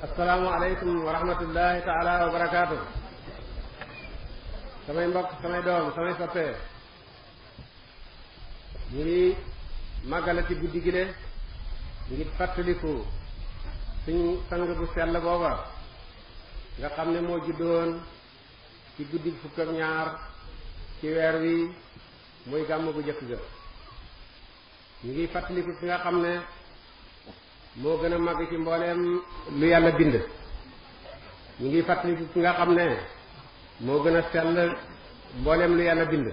assalaamu aleykum wa rahmatullahi taala wa barakaatu samay mbokk samay doom samay soppee ñu ngi màggale ci guddi gi de ngir fàttaliku suñu sang bu sell booba nga xam ne moo juddoon ci guddi fukk ak ñaar ci weer wi muy gàmm bu jëkk ga ñu ngi fàttaliku ki nga xam ne moo gën a màgg ci mbooleem lu yàlla bind ñu ngi fàttali ki nga xam ne moo gën a sell mbooleem lu yàlla bind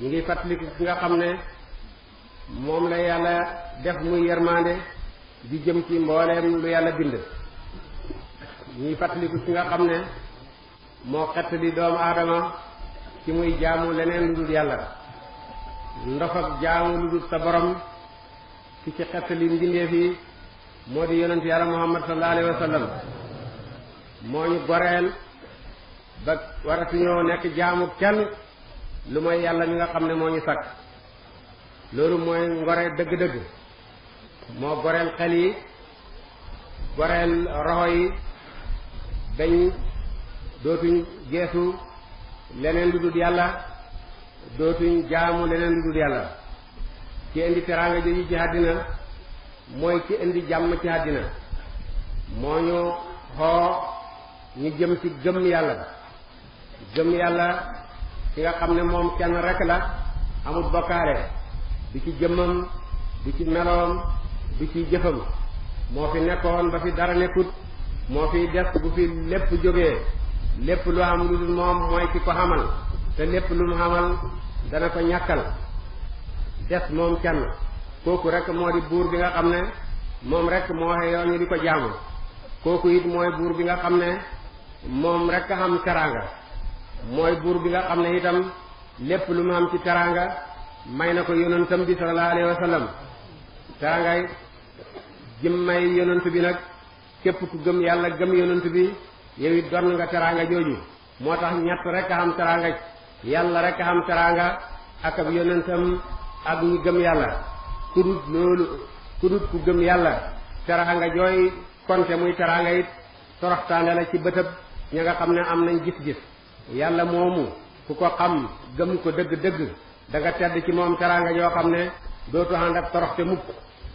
ñu ngi fàttali ki nga xam ne moom la yàlla def muy di jëm ci mbooleem lu yàlla bind ñuy fàttaliku ci nga xam ne moo xett li doomu aadama ci muy jaamu leneen lu dul yàlla ndox ak jaamu lu dul sa borom ki ci xettali mbindeef yi moo di yonent yàlla muhammad sallallahu alayhi moo ñu goreel ba waratuñoo nekk jaamu kenn lu mooy yàlla mi nga xam ne moo ñu sakk loolu mooy ngore dëgg-dëgg moo goreel xel yi goreel roxo yi dañ dootuñ geesu leneen lu dul yàlla dootuñ jaamu leneen lu dul yàlla ki indi teraanga jooju ci àddina mooy ki indi jàmm ci àddina moo ñu xoo ñu jëm ci gëm yàlla gëm yàlla ki nga xam ne moom kenn rek la amul bokkaale du ci jëmmam du ci meloom du ci jëfam moo fi nekkoon ba fi dara nekkut moo fi des bu fi lépp jógee lépp lu am lu dul moom mooy ki ko xamal te lépp lu mu xamal dana ko ñàkkal des moom kenn kooku rek moo di buur bi nga xam ne moom rek moo waxe yoon ñu di ko jaamu kooku it mooy buur bi nga xam ne moom rek a xam teraanga mooy buur bi nga xam ne itam lépp lu mu am ci teraanga may na ko yonentam bi sallallahu alayhi wa sallam may yonent bi nag képp ku gëm yàlla gëm yonent bi yow it doon nga teraanga jooju moo tax ñett rek a xam teraanga yàlla rek a xam teraanga ak ab yonentam ak ñi gëm yàlla ku dut loolu ku dut ku gëm yàlla teraanga jooy konte muy teraanga it toroxtaane la ci bëtëb ña nga xam ne am nañ gis-gis yàlla moomu ku ko xam gëm ko dëgg-dëgg da nga tedd ci moom teraanga yoo xam ne dootu ànd ak toroxte mukk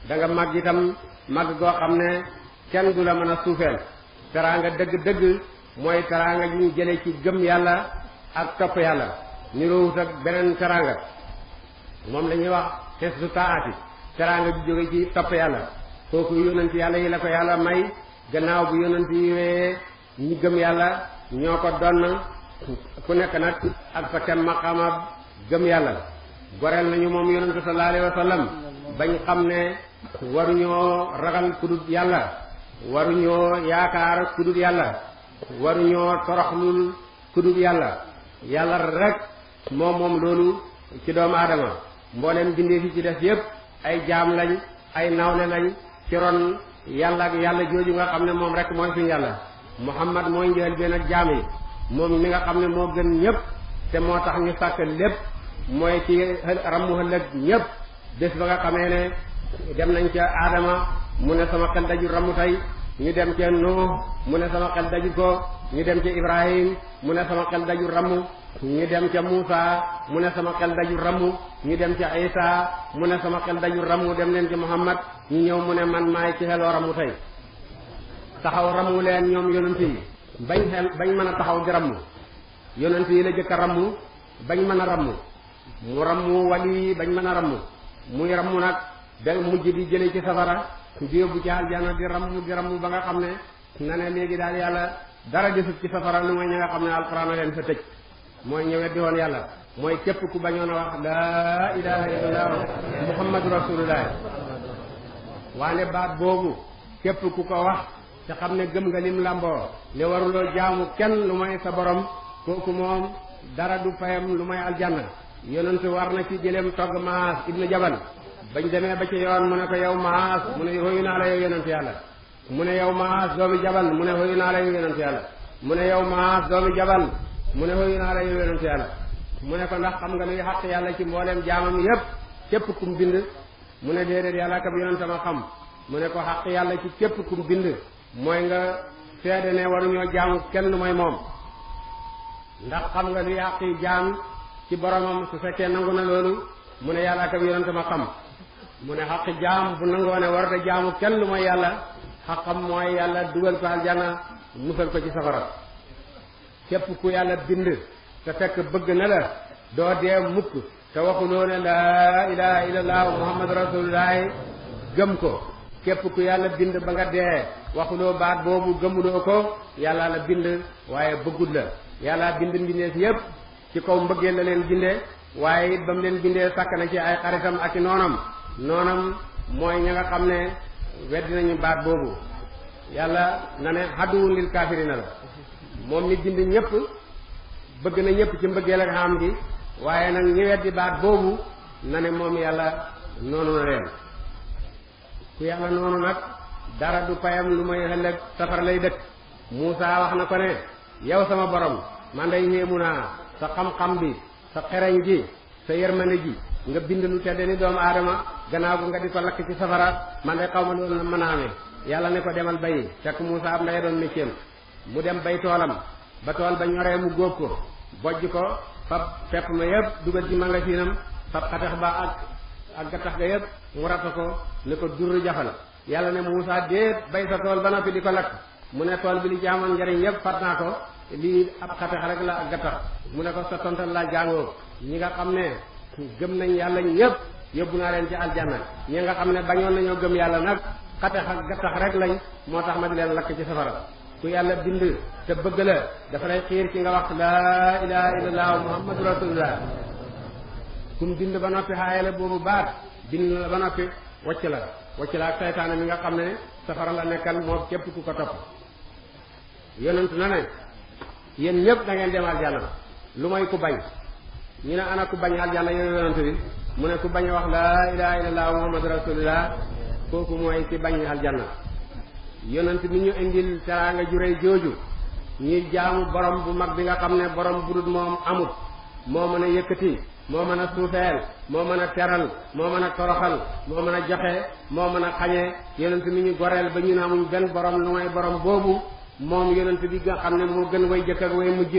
da nga mag itam mag goo xam ne kenn du la mën a suufeel teraanga dëgg-dëgg mooy ñu jële ci gëm yàlla ak topp yàlla niroowut ak beneen moom lañuy wax xes du taati teraanga jóge ci topp yàlla kooku yonent yàlla yi la ko yàlla may gannaaw bu yonent yi wee ñi gëm yàlla ñoo ko donn ku nekk nag ak sa kem maqama gëm yàlla goreel nañu moom yonent sallallahu alayhi wa sallam bañ xam ne waruñoo ragal kudut yàlla waruñoo yaakaar kudut yàlla waruñoo toroxlul kudut yàlla yàlla rek moom moom loolu ci doomu aadama mbooleem bindee fi ci def yépp ay jaam lañ ay naaw ne lañ ci ron yàlla ak yàlla jooju nga xam ne moom rek mooy suñu yàlla muhammad mooy njël benn ak jaam yi moom mi nga xam ne moo gën ñépp te moo tax ñu sàkk lépp mooy ci rammu ëllëg ñépp bés ba nga xamee ne dem nañ ca aadama mu ne sama xel daju rammu tay ñu dem ci nuux mu ne sama xel daju ko ñu dem ci ibrahim mu ne sama xel daju ramu ñu dem ci musa mu ne sama xel daju ramu ñu dem ci isa mu ne sama xel daju ramu dem leen ci muhammad ñu ñew mu ne man may ci ramu tay taxaw ramu leen ñom yonenti bañ xel bañ mëna taxaw di ramu yonenti la jëk ramu bañ mëna ramu mu ramu wali bañ mëna ramu muy ramu nak da mujj di jële ci safara ku yóbbu ci aljana di rambu di rambu ba nga xam ne na ne léegi daal yàlla dara desut ci safara lu mooy ñi nga xam fa tëj mooy ñi yàlla mooy képp ku bañoon a wax laa ilaha illallah muhammadu rasulullah waane baat boobu képp ku ko wax te xam ne gëm nga lim lamboo ne waruloo jaamu kenn lu mooy sa borom kooku moom dara du fayam lu mooy aljanna yonentu war na ci jëleem togg maas ibnu jabal bañ demee ba ci yoon mu ne ko yow maas mu ne hoyu naa la yow yonent yàlla mu ne yow maas doomi jabal mu ne hoyu naa la yow yonent yàlla mu ne yow maas doomi jabal mu ne hoyu naa la yow yàlla mu ne ko ndax xam nga luy xàq yàlla ci mbooleem jaamam yépp képp kum bind mu ne déedéet yàlla ka bi yonent ma xam mu ne ko xàq yàlla ci képp kum bind mooy nga seede ne waruñoo jaamu kenn mooy moom ndax xam nga luy xàq yu jaam ci boromam su fekkee nangu na loolu mu ne yàlla ka bi yonent ma xam mu ne xaq jaam bu nangoo ne war da jaamu kenn lu mooy yàlla xaqam mooy yàlla dugal ko aljana musal ko ci safara képp ku yàlla bind te fekk bëgg na la doo dee mukk te waxuloo ne laa ilaha illallah muhammad rasulullahi gëm ko képp ku yàlla bind ba nga dee waxuloo baat boobu gëmuloo ko yàlla la bind waaye bëggul la yàlla bind mbindeef yépp ci kaw mbëggee la leen bindee waaye it ba mu leen bindee sàkk na ci ay xaritam ak i noonam noonam mooy ña nga xam ne weddi nañu baat boobu yàlla na ne xadduwun lil kaafirina la moom mi bind ñëpp bëgg na ñëpp ci mbëggeel a xam gi waaye nag ñi weddi baat boobu na ne moom yàlla noonu na leen ku yàlla noonu nag dara du payam lu may ëllëg safar lay dëkk Muusaa wax na ko ne yow sama borom man day yéemu naa sa xam-xam bi sa xereñ gi sa yërmande ji nga bind lu tedde ni doomu aadama gannaaw bu nga di ko lakk ci safara man de xaw ma loolu na mën a amee yàlla ne ko demal bayi fekk Muusa am ndey doon mécceem mu dem bay toolam ba tool ba ñoree mu góob ko bojj ko fab pepp ma yëpp dugal ci magasinam fab xatax ba ak ak gattax ga yëpp mu rata ko ne ko durr jafal yàlla ne Muusa déet bay sa tool ba noppi di ko lakk mu ne tool bi li jaamoon njariñ yëpp fat naa ko lii ab xatax rek la ak gattax mu ne ko sa laa jàngoo ñi nga xam gëm nañ yàlla ñëpp yóbbu naa leen ci aljanna ñi nga xam ne bañoon nañoo gëm yàlla nag xatex ak gattax rek lañ moo tax ma di leen lakk ci safara ku yàlla dind te bëgg la dafa lay xiir ci nga wax laa ilaha illallah muhammadu rasulullah kum bind ba noppi xaaye la boobu baat dind la ba noppi wacc la wacc la ak seytaane mi nga xam ne safara la nekkal moom képp ku ko topp yonent na ne yéen ñëpp da ngeen dem aljanna lu may ku bañ ñu ne ana ku bañ aljanna yow yonante bi mu ne ku bañ wax laa ilaha illallah muhammadu rasulullah kooku mooy ki bañ aljanna yonante bi ñu indil teraanga ju rëy jooju ñuy jaamu borom bu mag bi nga xam ne borom bu dul moom amut moo mën a yëkkati moo mën a suufeel moo mën a teral moo mën a toroxal moo mën a joxe moo mën a xañe yonent mi ñu goreel ba ñu ne amuñu benn borom lu mooy borom boobu moom yonent bi nga xam ne moo gën way jëkk ak way mujj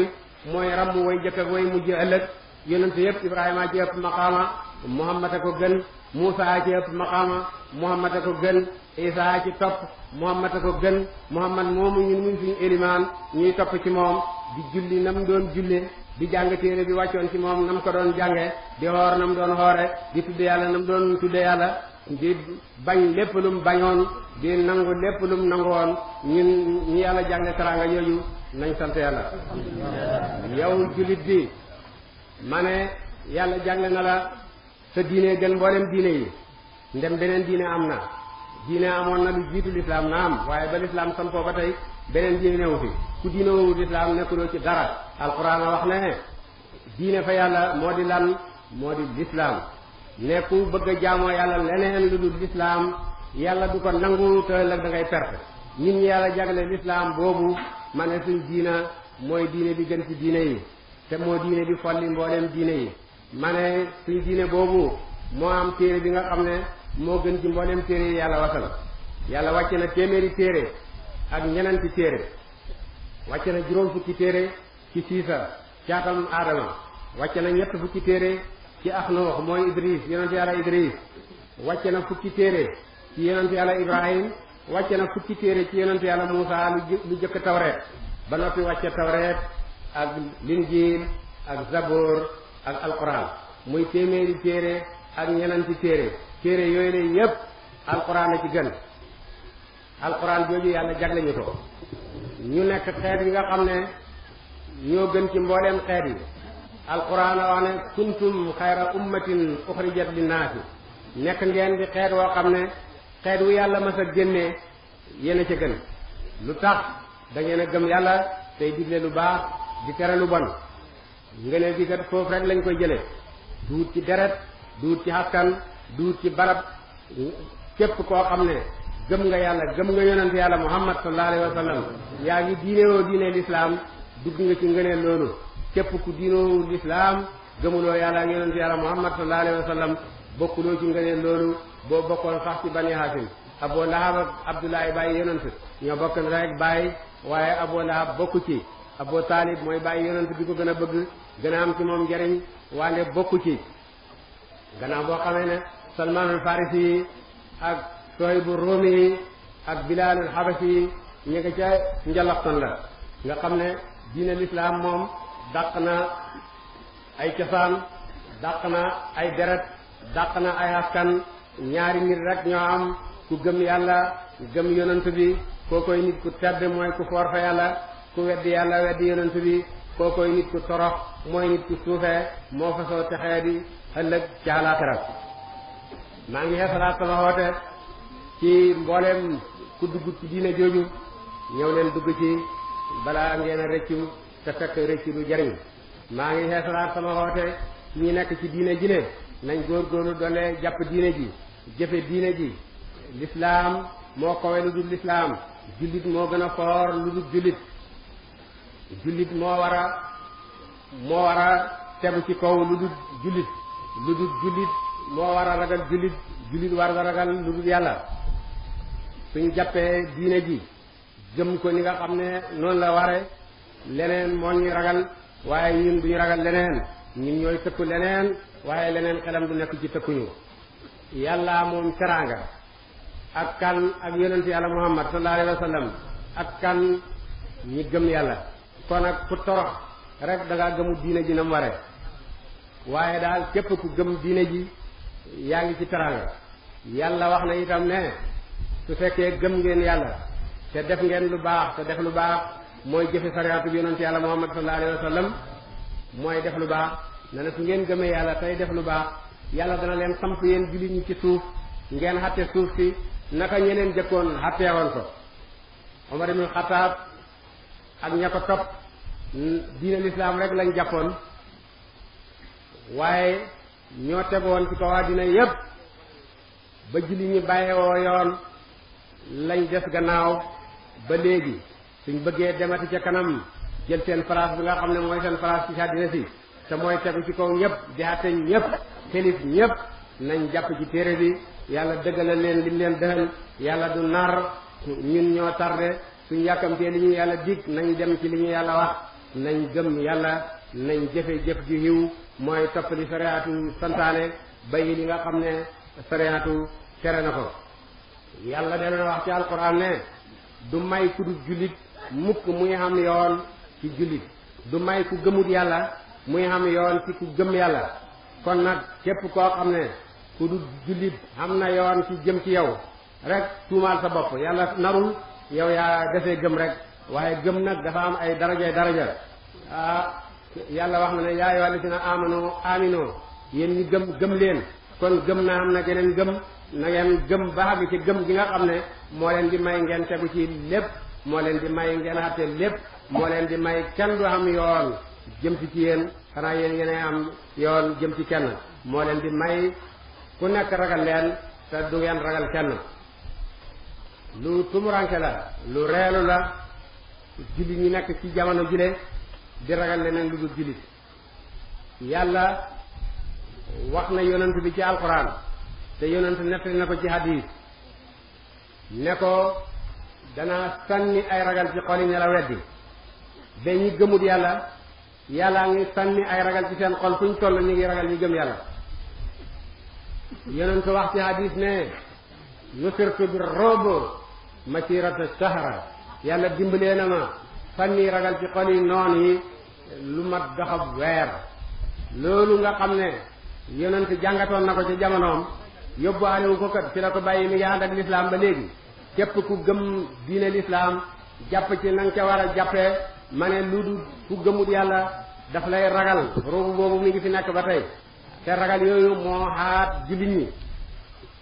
mooy ramm way jëkk ak way mujj ëllëg yonent yëpp Ibrahima ci ëpp maqaama Muhammad a ko gën Muusa ci ëpp maqaama Muhammad a ko gën Isa ci topp Muhammad a ko gën Muhammad moomu ñun muy suñu élimaan ñuy topp ci moom di julli nam doon julle di jàng téere bi wàccoon ci moom nam ko doon jànge di xoor mu doon xoore di tudde yàlla nam doon tudde yàlla di bañ lépp lum bañoon di nangu lépp lum nangoon ñun ñu yàlla jànge teraanga yooyu nañ sant yàlla yow jullit bi ma yàlla jàngle na la sa diine gën mboolem diine yi ndem beneen diine am na diine amoon na lu jiitu lislaam na am waaye ba lislaam sampoo ba tey beneen diine newu fi ku diine lislaam nekkuloo ci dara alquran a wax ne diine fa yàlla moo di lan moo di lislaam ne bëgg a jaamoo yàlla leneen lu dul lislaam yàlla du ko nangu te ëllëg da perte nit ñi yàlla jagle lislaam boobu ma ne suñ diina mooy diine bi gën ci diine yi te moo diine bi folli mbooleem diine yi ma ne suñ diine boobu moo am téere bi nga xam ne moo gën ci mbooleem téere yi yàlla wasal yàlla wàcce na téeméeri téere ak ñenenti téere wàcce na juróom fukki téere ci siisa caatalum aadama wàcce na ñett fukki téere ci axnoox mooy idris yonent yàlla idris wàcce na fukki téere ci yonent yàlla ibrahim wàcce na fukki téere ci yonent yàlla muusa lu jëkk tawreet ba noppi wàcce tawreet ak linjiil ak zaboor ak alquran muy téeméeri téere ak ñenanti téere téere yooyu la yépp alquran a ci gën alquran jooju yàlla jagle ñu ko ñu nekk xeet yi nga xam ne ñoo gën ci mbooleem xeet yi alquran a wax ne kuntum xayra ummatin uxrijat linnaasi nekk ngeen di xeet woo xam ne xeet wu yàlla ma a génnee yéen a ca gën lu tax da a gëm yàlla tey digle lu baax di tere lu bon ngëneel gi kat foofu rek lañ ko jëlee duut ci deret duut ci askan duut ci barab képp koo xam ne gëm nga yàlla gëm nga yonent yàlla muhammad sallallahu alayhi wa sallam yaa ngi diinewoo diine lislaam dugg nga ci ngëneel loolu képp ku diinoo lislaam gëmuloo yàlla ak yonent yàlla muhammad sallallahu alayhi wa sallam bokkuloo ci ngëneel loolu boo bokkoon sax ci bani haasim aboo lahab ak abdoulaye bàyyi yonent ñoo bokk rek bàyyi waaye aboo lahab bokku ci Abu Taalib mooy bàyyi yonent bi ko gën a bëgg gën a am ci moom njariñ waande bokku ci gannaaw boo xamee ne Salmaanul Farisi yi ak Sohaybu Roomi yi ak Bilaalul Xabasi yi ñu nga ca njalaxton la nga xam ne diine lislaam moom dàq na ay cosaan dàq na ay deret dàq na ay askan ñaari nit rek ñoo am ku gëm yàlla gëm yonent bi koo koy nit ku tedd mooy ku foor fa yàlla ku weddi yàlla weddi yonent bi koo koy nit ku torox mooy nit ku suufee moo fasoo texee di ëllëg ci àllaaxira maa ngi xeesalaat sama woote ci mbooleem ku dugg ci diine jooju ñëw leen dugg ci balaa ngeen a rëccu te fekk rëccu du jariñ maa ngi xeesalaat sama woote ñi nekk ci diine ji ne nañ góorgóorlu doole jàpp diine ji jëfe diine ji lislaam moo kowe lu dul lislaam jullit moo gën a foor lu dul jullit jullit moo war a moo wara a ci kaw lu dul jullit lu dul jullit moo war a ragal jullit jullit war a ragal lu dul yàlla suñ jàppee diine ji gëm ko ni nga xam ne noonu la ware leneen moo ñuy ragal waaye ñun duñu ragal leneen ñun ñooy tëkku leneen waaye leneen xelam du nekk ci tëkkuñu yàlla moom teraanga ak kan ak yonent yàlla muhammad sallallahu alayhi ak kan ñi gëm yàlla kon nag ku torox rek da ngaa gëmu diine ji na mu waree waaye daal képp ku gëm diine ji yaa ngi ci taranga yàlla wax na itam ne su fekkee gëm ngeen yàlla te def ngeen lu baax te def lu baax mooy jëfe sariatu bi yonent yàlla muhammad sallallahu alayhi wa mooy def lu baax ne na su ngeen gëmee yàlla tey def lu baax yàlla dana leen samp yéen jullit ñi ci suuf ngeen xatte suuf si naka ñeneen jëkkoon xatteewoon ko Omar ibn Xataab ak ña ko topp diine lislaam rek lañ jàppoon waaye ñoo tegoon ci kaw àddina yépp ba julli ñi bàyyiwoo yoon lañ des gannaaw ba léegi suñ bëggee demati ca kanam jël seen place bi nga xam ne mooy seen place ci àddina si te mooy tegu ci kaw ñépp di àtte ñépp xelif ñépp nañ jàpp ci téere bi yàlla dëggalal leen liñ leen dëxal yàlla du nar ñun ñoo tarde suñ yàkkamtee li ñu yàlla dig nañu dem ci li ñu yàlla wax nañ gëm yàlla nañ jëfe jëf ju yiw mooy topp li sariyaatu santaane bàyyi li nga xam ne sariyaatu tere na ko yàlla de na wax ci alquran ne du may ku dul jullit mukk muy xam yoon ci jullit du may ku gëmut yàlla muy am yoon ci ku gëm yàlla kon nag képp koo xam ne ku dul jullit am na yoon ci jëm ci yow rek tuumaal sa bopp yàlla narul yow yaa defee gëm rek waaye gëm nag dafa am ay daraja daraja ah yàlla wax na ne yaay yaa ayyuhal lazina amanu amino yéen ñi gëm gëm leen kon gëm naa am na geneen gëm na ngeen gëm ba àgg ci gëm gi nga xam ne moo leen di may ngeen tegu ci lépp moo leen di may ngeen lépp moo leen di may kenn du am yoon jëm ci ci yéen xanaa yéen ngeen am yoon jëm ci kenn moo leen di may ku nekk ragal leen te du ngeen ragal kenn lu tumuranke la lu reelu la jullit ñi nekk ci jamono jile di ragal leneen lu dul jullit yàlla wax na yonent bi ci alxuraan te yonent nettali na ko ci hadis ne ko danaa sànni ay ragal ci xol yi ne la weddi ba ñi gëmut yàlla yàlla yàllaa ngi sànni ay ragal ci seen xol fuñ toll ñu ngi ragal ñu gëm yàlla yonent wax ci hadis ne nusirtu bi robo masirata sahara yàlla dimbalee na ma fan yi ragal ci xol yi noon yi lu mat doxab weer loolu nga xam ne yonent jàngatoon na ko ci jamonoom yóbbuwaale wu ko kat ci la ko bàyyi mi ngi ànd ak lislaam ba léegi képp ku gëm diine lislaam jàpp ci na nga ca war a jàppee ma ne lu du ku gëmut yàlla daf lay ragal roobu boobu mi ngi fi nekk ba tey te ragal yooyu moo xaat jullit ñi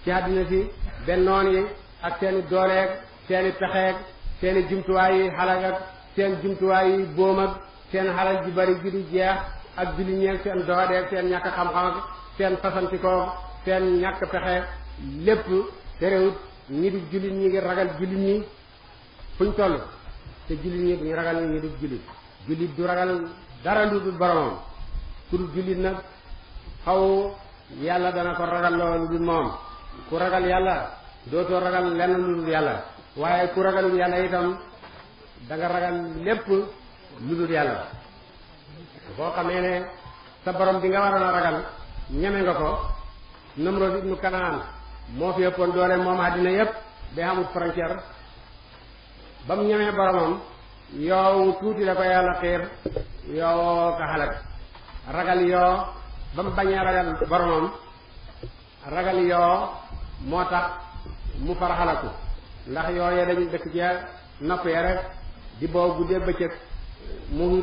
ci àddina si bennoon yi ak seeni dooleeg seeni pexeeg seeni jumtuwaay yi xalag seen jumtuwaay yi boom ak seen xalal ji bari ji di jeex ak ji li ñeeg seen doxadeeg seen ñàkk xam-xam ak seen fasantikoo seen ñàkk pexe lépp terewut ñi di jullit ñi ngi ragal jullit ñi fuñ toll te jullit ñi duñu ragal ñi di jullit jullit du ragal dara lu dul boromam ku dul jullit nag xaw yàlla dana ko ragal loolu moom ku ragal yàlla dootoo ragal lenn lu yàlla waaye ku ragalul yàlla itam da nga ragal lépp lu dul yàlla boo xamee ne sa borom bi nga waroon a ragal ñeme nga ko Namrod ibnu Kanaan moo fi ëppoon doole moom àddina yépp day amul frontière ba mu ñemee boromam yow tuuti la ko yàlla xiir yow ka halak ragal yoo ba mu bañee ragal boromam ragal yoo moo tax mu faraxalaku ndax yooye dañu dëkk ci nopp ya rek di boo guddee bëccëg mu ngi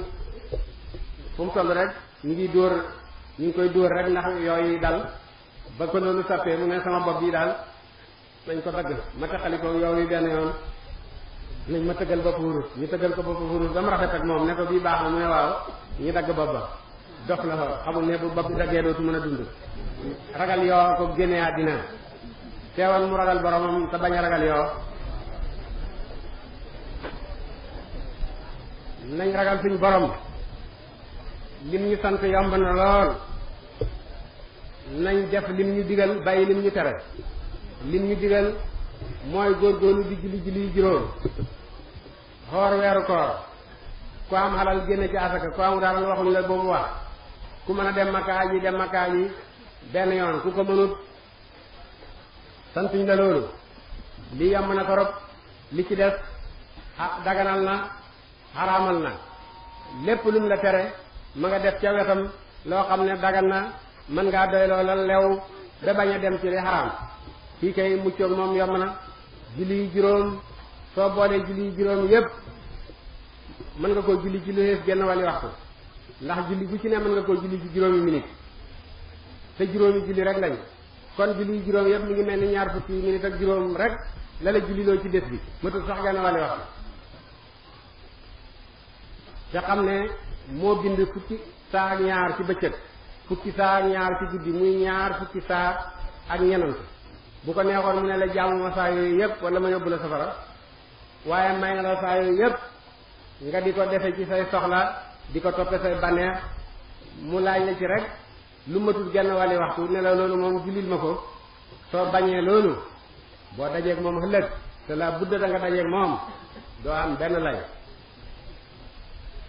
fu mu toll rek ñu ngi dóor ñu ngi koy dóor rek ndax yooyu dal ba ko noonu sappee mu ne sama bopp bi dal nañ ko dagg ma taxali ko yooyu benn yoon nañ ma tëggal bopp wurus ñu tëggal ko bopp wurus dama rafet ak moom ne ko bii baax na mu ne waaw ñu dagg bopp ba dox la fa xamul ne bu bopp daggee dootu mën a dund ragal yoo ko génnee àddina teewal mu ragal boromam te bañ a ragal yoo nañ ragal suñu borom lim ñu sant yomb na lool nañ def lim ñu digal bàyyi lim ñu tere lim ñu digal mooy góorgóorlu di julli julli juróom xoor weeru koor ku am xalal génn ci asaka ku am daal waxuñ la boobu wax ku mën a dem makkaay yi dem makkaay yi benn yoon ku ko mënut santuñ la loolu li yomb na torop li ci des ah, daganal na xaraamal na lépp lum la tere ma nga def ca wetam loo xam ne dagan na mën ngaa doy loola lew da bañ a dem ci li xaraam fii kay muccoog moom yomb na julli juróom soo boolee julli juróom yépp mën nga koo julli ci lu xees genn wàlli ndax julli bu ci ne mën nga koo julli ci juróomi minute te rek lañ kon juróom yépp mu ngi ñaar fukki minute ak juróom rek la la julliloo ci des bi matul sax genn wàlli waxtu nga xam ne moo bind fukki saa ak ñaar ci bëccëg fukki saa ak ñaar ci guddi muy ñaar fukki saa ak ñenant bu ko neexoon mu ne la jaamu ma saa yooyu yëpp wala ma yóbbu la safara waaye may na la saa yooyu yëpp nga di ko defe ci say soxla di ko toppe say banneex mu laaj la ci rek lu matul genn wàlli waxtu ne loolu moom julil ma ko soo bañee loolu boo dajeeg moom ëllëg te la budda da nga moom doo am benn lay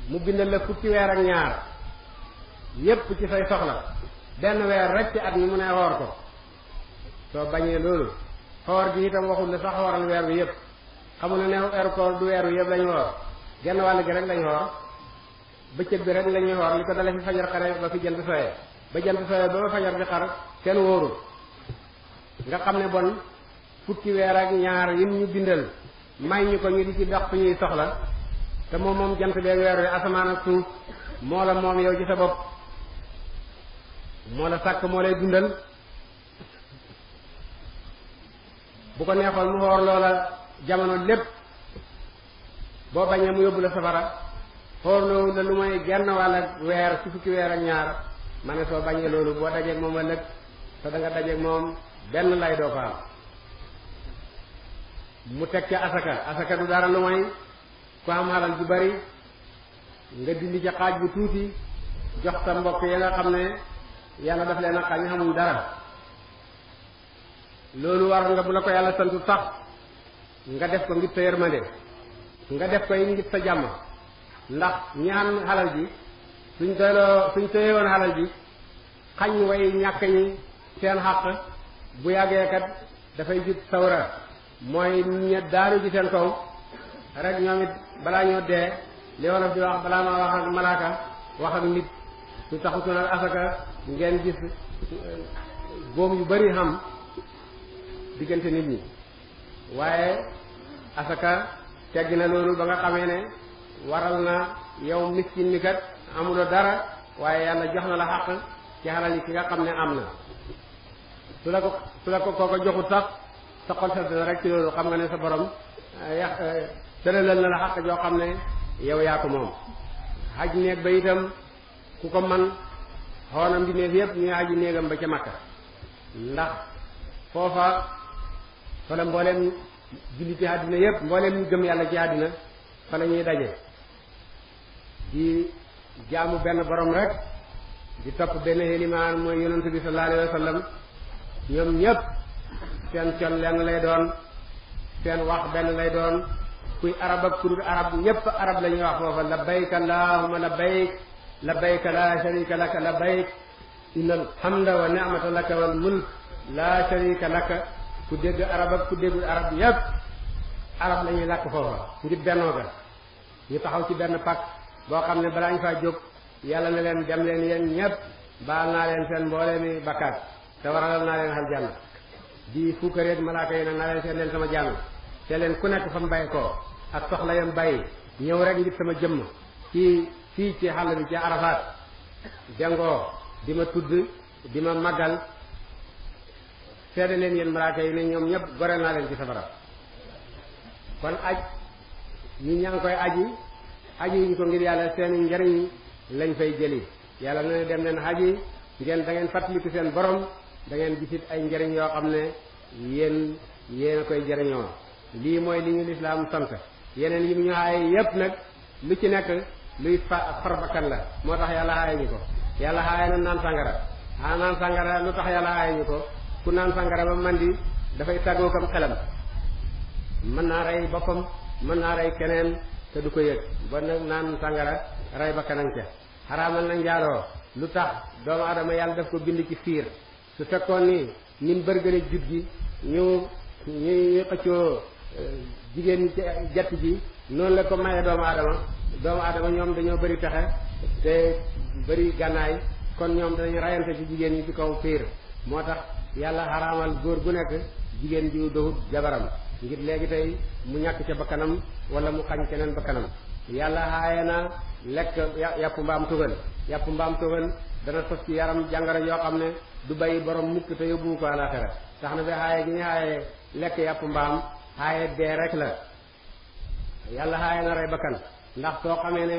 mu bindal la ci weer ak ñaar yépp ci say soxla benn weer rek ci at mi mu ne xoor ko soo bañee loolu xoor gi itam waxul ne sax xooral weer wi yépp xamul ne ne weeru koor du weer wi yépp lañu xoor genn wàll gi rek lañu xoor bëccëg bi rek lañuy xoor li ko dale fi fajar xare ba fi jant sooyee ba jant sooyee ba ba fajar bi xar kenn wóorul nga xam ne bon fukki weer ak ñaar yi ñu bindal may ñu ko ñu di dox ñuy soxla te moom moom jant bee weer wi asamaan ak suuf moo la moom yow ci sa bopp moo la sàkk moo lay dundal bu ko neexoon mu xoor loola jamono lépp boo bañee mu yóbbu la safara xoor loolu la lu may genn wàll weer ci fukki weer ak ñaar ma ne soo bañee loolu boo dajeeg moom ëllëg te da nga dajeeg moom benn lay doo ko mu teg ca asaka asaka du dara lu may ku am alal ju bari nga dindi ci xaaj bu tuuti jox sa mbokk yi nga xam ne yàlla daf leen a xañ xamul dara loolu war nga bu la ko yàlla santu sax nga def ko ngir sa yërmande nga def ko yi sa jàmm ndax ñi am xalal ji suñ doyloo suñ téyewoon xalal ji xañ way ñàkk ñi seen xàq bu yàggee kat dafay jub sawra mooy ña daanu ji seen kaw rek ñoom it balaa ñoo dee li wolof di wax balaa ma wax ak malaaka wax ak nit su taxutoon ak asaka ngeen gis eh, góom yu bari xam diggante nit ñi waaye asaka teggi na loolu ba nga xamee ne waral na yow miskin mi kat amuloo dara waaye yàlla jox na la xaq ci xalal yi ki nga xam ne am na su la ko su la ko kooko joxut sax sa xol sa rek ci loolu xam nga ne sa boroom eh, eh, tëralal na la xaq jo xamne yow ya ko mom haj neeg ba itam ku ko man xoonam di neeg yeb ñu haj neegam ba ca makka ndax fofa fa mbolem mbooleem julli ci aduna yeb mbolem ñu gem yalla ci aduna fa lañuy ñuy di jaamu ben borom rek di top ben heliman mooy yonente bi sallallahu alaihi wasallam ñom ñep ñépp seen con lenn lay doon seen wax ben lay doon kuy arab ak ku dul arab ñëpp arab la ñuy wax foofa labbayk allahuma labbayk labbayk la sharika laka labbayk inna alhamda wa ni'mata laka wal mulk la sharika laka ku dégg arab ak ku déggul arab yëpp arab la ñuy làkk foofa ngir bennoo ga ñu taxaw ci benn pak boo xam ne balaa ñu faa jóg yàlla na leen dem leen yéen ñëpp baal naa leen seen mboolee mi bakkaat te waralal naa leen xal jànn di fukkareeg malaaka yi nag naa leen seen leen sama jànn leen ku nekk fa mbay ko ak soxla yam bay ñew rek ngir sama jëm ci fi ci xal bi ci arafat jango dima tudd dima magal fédé seede leen yéen yi ne ñoom ñëpp goreel naa leen ci safara kon aj ñi ñang koy aji aji ñu ko ngir yalla seen njariñ lañ fay jëli yalla ñu dem leen aji ngeen da ngeen fàttaliku seen borom da ngeen gisit ay njariñ yoo xam ne yeen yéen koy jariñoo lii mooy li ñu lislaam sant yeneen yi mu ñu aaye yépp nag lu ci nekk luy fa farbakan la moo tax yàlla aaye ñu ko yàlla aaye na naan sàngara a ah, naan sàngara lu tax yàlla aaye ñu ko ku naan sàngara ba man di dafay tàggoo kam xelam mën naa rey boppam mën naa rey keneen te du ko yëg ba nag naan sàngara rey ba kanam ca xaraamal na njaaloo lu tax doomu adama yàlla daf ko bind ci fiir su fekkoon ni nim bërgële jut gi ñu ñuy xëccoo jigéen jatt ji noonu la ko maye doomu aadama doomu aadama ñoom dañoo bari pexe te bëri gànnaay kon ñoom dañu rayante ci jigéen ñi ci kaw fiir moo tax yàlla xaraamal góor gu nekk jigéen jiw doxut jabaram ngir léegi tey mu ñàkk ca bakkanam wala mu xañ keneen bakkanam yàlla xaaye na lekk yàppu mbaam tugal yàpp mbaam tugal dana sos ci yaram jàngaro yoo xam ne du bàyyi borom mukk te yóbbu ko àlaxira tax na ba xaaye gi ñu xaaye lekk yàppu mbaam xaaye dee rek la yàlla xaaye na rey bakkan ndax soo xamee ne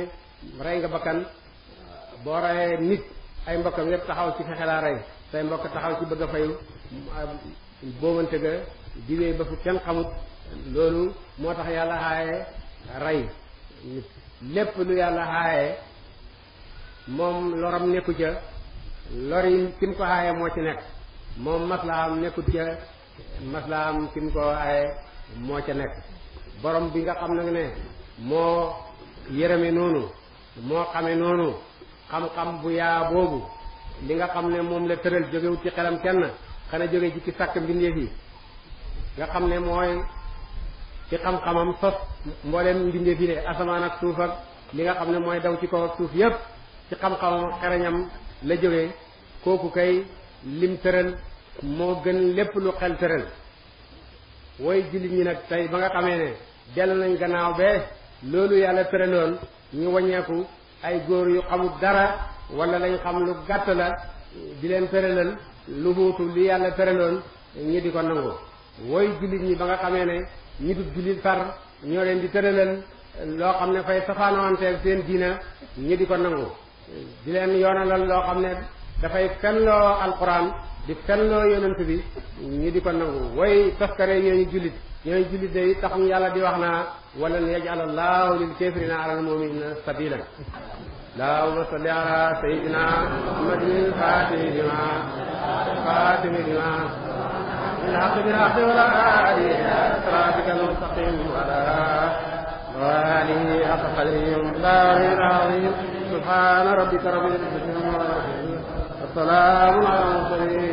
rey nga bakkan boo reyee nit ay mbokkam yépp taxaw ci fexe laa rey say mbokk taxaw ci bëgg a fayu boobante ga diwee ba fu kenn xamut loolu moo tax yàlla xaaye rey lépp lu yàlla xaaye moom loram nekku ca lori kim ko xaaye moo ci nekk moom am nekkut ca maslaam kim ko xaaye moo ca nekk borom bi nga xam nag ne moo yërëme noonu moo xame noonu xam-xam bu yaa boobu li nga xam ne moom la tëral jógewut ci xelam kenn xanaa jóge ci ki sàkk mbindeef yi nga xam ne mooy ci xam-xamam sos mboolem mbindeef yi asamaan ak suuf ak li nga xam ne mooy daw ci kaw ak suuf yépp ci xam-xamam xereñam la jóge kooku kay lim tëral moo gën lépp lu xel tëral wooy jullit ñi nag tey ba nga xamee ne dellu nañ gannaaw bee loolu yàlla tëraloon ñu waññeeku ay góor yu xamul dara wala lañ xam lu gàtt la di leen tëralal lu huutu li yàlla tëraloon ñi di ko nangu wooy jullit ñi ba nga xamee ne ñi du jullit far ñoo leen di tëralal loo xam ne fay safaanawanteel seen diina ñi di ko nangu di leen yoonalal loo xam ne dafay fenloo alquran di fennoo yonent bi ñi di ko nangu way taskare yoy julit yoy julit day tax taxam yàlla di waxna wala n yajal allahu lil kafirina ala al muminina sabila اللهم صل على سيدنا محمد الفاتح لما الفاتح لما الحق بالحق ولا هادي الى صراطك المستقيم ولا وآله حق قدره ومقداره العظيم سبحان ربك رب العزة سلام على المرسلين